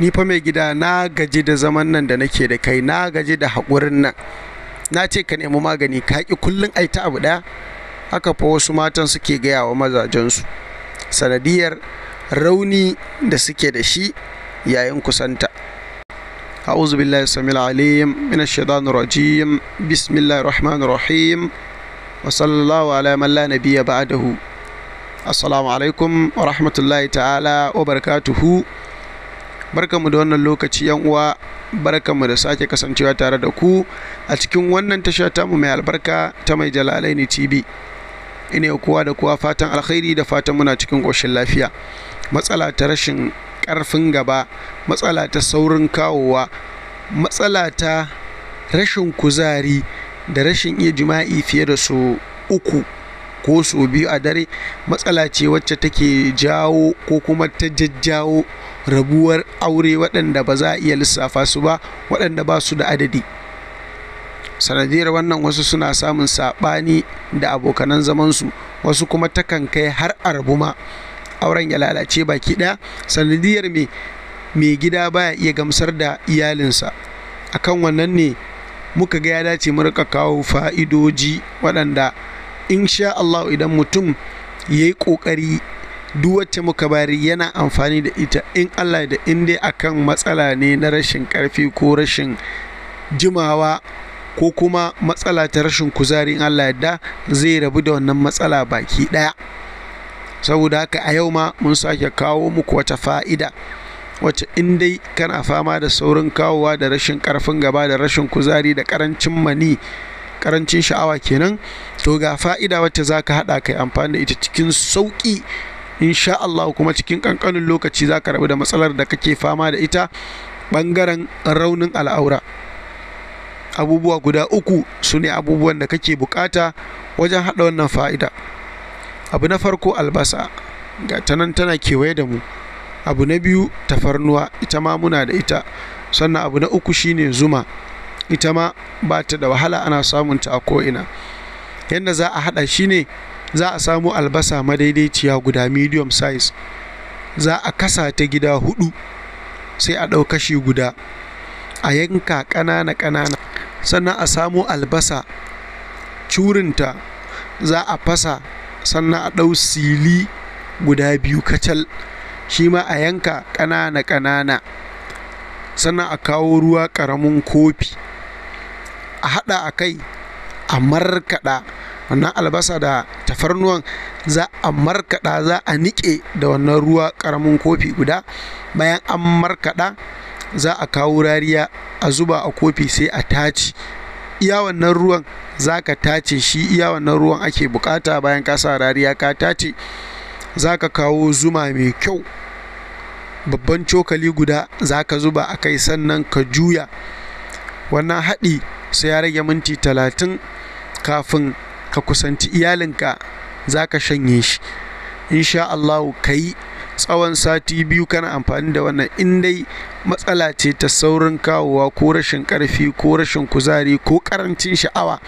ni fa mai gida na gaji da zaman nan da nake da kai na gaji da haƙurin nan na ce ka nemi magani ka ƙi kullum ai ta abu ɗaya haka fa wasu matan suke gaya mazajen su sanadiyar rauni da suke da shi yayin kusanta أعوذ بالله السميع العليم من الشيطان rajim bismillahir rahmanir rahim wa sallallahu ala man la nabiyya ba'dahu assalamu alaikum wa rahmatullahi ta'ala wa barakatuhu Barka mu da wannan lokaci yan uwa barka mu da sake kasancewa tare da ku a cikin wannan tasha tamu mai albarka ta mai jalalaini tv ina kowa da kowa fatan alkhairi da fatan muna cikin ƙoshin lafiya matsala ta rashin ƙarfin gaba matsala ta saurin kawowa matsala ta rashin kuzari da rashin iya jima'i fiye da su uku ko sau biyu a dare matsala ce wacce take jawo ko kuma ta jajjawo rabuwar aure waɗanda ba za a iya lissafa su ba waɗanda ba su da adadi sanadiyar wannan wasu suna samun saɓani da abokanan zamansu wasu kuma takan kai har a auren ya lalace baki ɗaya sanadiyar mai mai gida baya iya gamsar da iyalinsa akan wannan ne muka ga ya dace mu rika kawo fa'idoji waɗanda insha Allah idan mutum ya yi ƙoƙari duk wacce muka bari yana amfani da ita in Allah da in dai akan matsala ne na rashin ƙarfi ko rashin jimawa ko kuma matsala ta rashin kuzari in Allah da zai rabu da wannan matsala baki ɗaya saboda haka a yau ma mun sake kawo muku wata fa'ida wacce in dai kana fama da saurin kawowa da rashin karfin gaba da rashin kuzari da karancin mani karancin sha'awa kenan to ga fa'ida wacce za ka haɗa kai amfani da ita cikin sauƙi insha Allah kuma cikin ƙanƙanin lokaci za ka rabu da matsalar da kake fama da ita ɓangaren raunin al'aura abubuwa guda uku su ne abubuwan da kake buƙata wajen haɗa wannan fa'ida abu na farko albasa ga ta tana kewaye da mu abu na biyu tafarnuwa ita ma muna da ita sannan abu na uku shine zuma ita ma ba ta da wahala ana samun ta a ko'ina yadda za a haɗa shi ne za a samu albasa madaidaiciya guda medium size za a kasa ta gida hudu sai a ɗau kashi guda a yanka ƙanana ƙanana sannan a samu albasa curinta za a fasa sannan a ɗau sili guda biyu kacal shi ma a yanka ƙanana ƙanana sannan a kawo ruwa ƙaramin kofi a haɗa a kai a markaɗa wannan albasa da tafarnuwan za a markaɗa za a niƙe da wannan ruwa ƙaramin kofi guda bayan an markaɗa za a kawo rariya a zuba a kofi sai a tace iya wannan ruwan za ka tace shi iya wannan ruwan ake bukata bayan ka sa rariya ka tace za ka kawo zuma mai kyau babban cokali guda za ka zuba a kai sannan ka juya wannan haɗi sai ya rage minti talatin kafin ka kusanci iyalinka za ka shanye shi insha Allah ka yi tsawon sati biyu kana amfani da wannan in dai matsala ce ta saurin kawowa ko rashin ƙarfi ko rashin kuzari ko ƙarancin sha'awa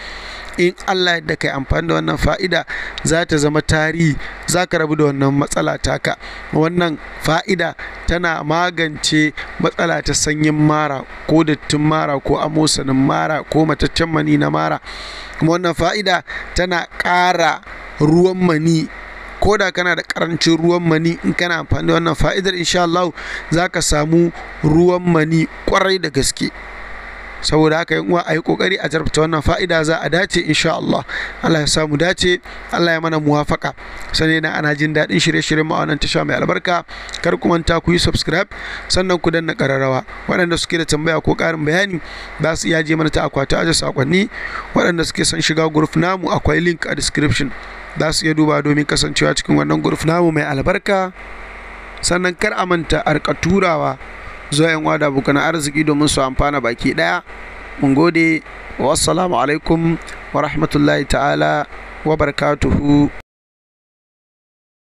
in Allah yadda kai amfani da wannan fa'ida za ta zama tarihi za ka rabu da wannan matsala taka wannan fa'ida tana magance matsala ta sanyin mara ko dattin mara ko amosanin mara ko mataccen mani na mara kuma wannan fa'ida tana kara ruwan mani ko da kana da karancin ruwan mani in kana amfani da wannan fa'idar insha Allah za ka samu ruwan mani kwarai da gaske saboda haka yan uwa a yi kokari a jarabta wannan fa'ida za a dace insha Allah Allah ya samu dace Allah ya mana muwafaka sanai na ana jin daɗin shirye-shiryen mu a wannan tasha mai albarka kar ku manta ku yi subscribe sannan ku danna kararrawa waɗanda suke da tambaya ko ƙarin bayani za su iya je mana ta akwati aje sakonni waɗanda suke son shiga group namu akwai link a description za su iya duba domin kasancewa cikin wannan group namu mai albarka sannan kar a manta a turawa zuwa yan wada abokan arziki domin su amfana baki daya mun gode wassalamu alaikum wa rahmatullahi ta'ala wa barakatuhu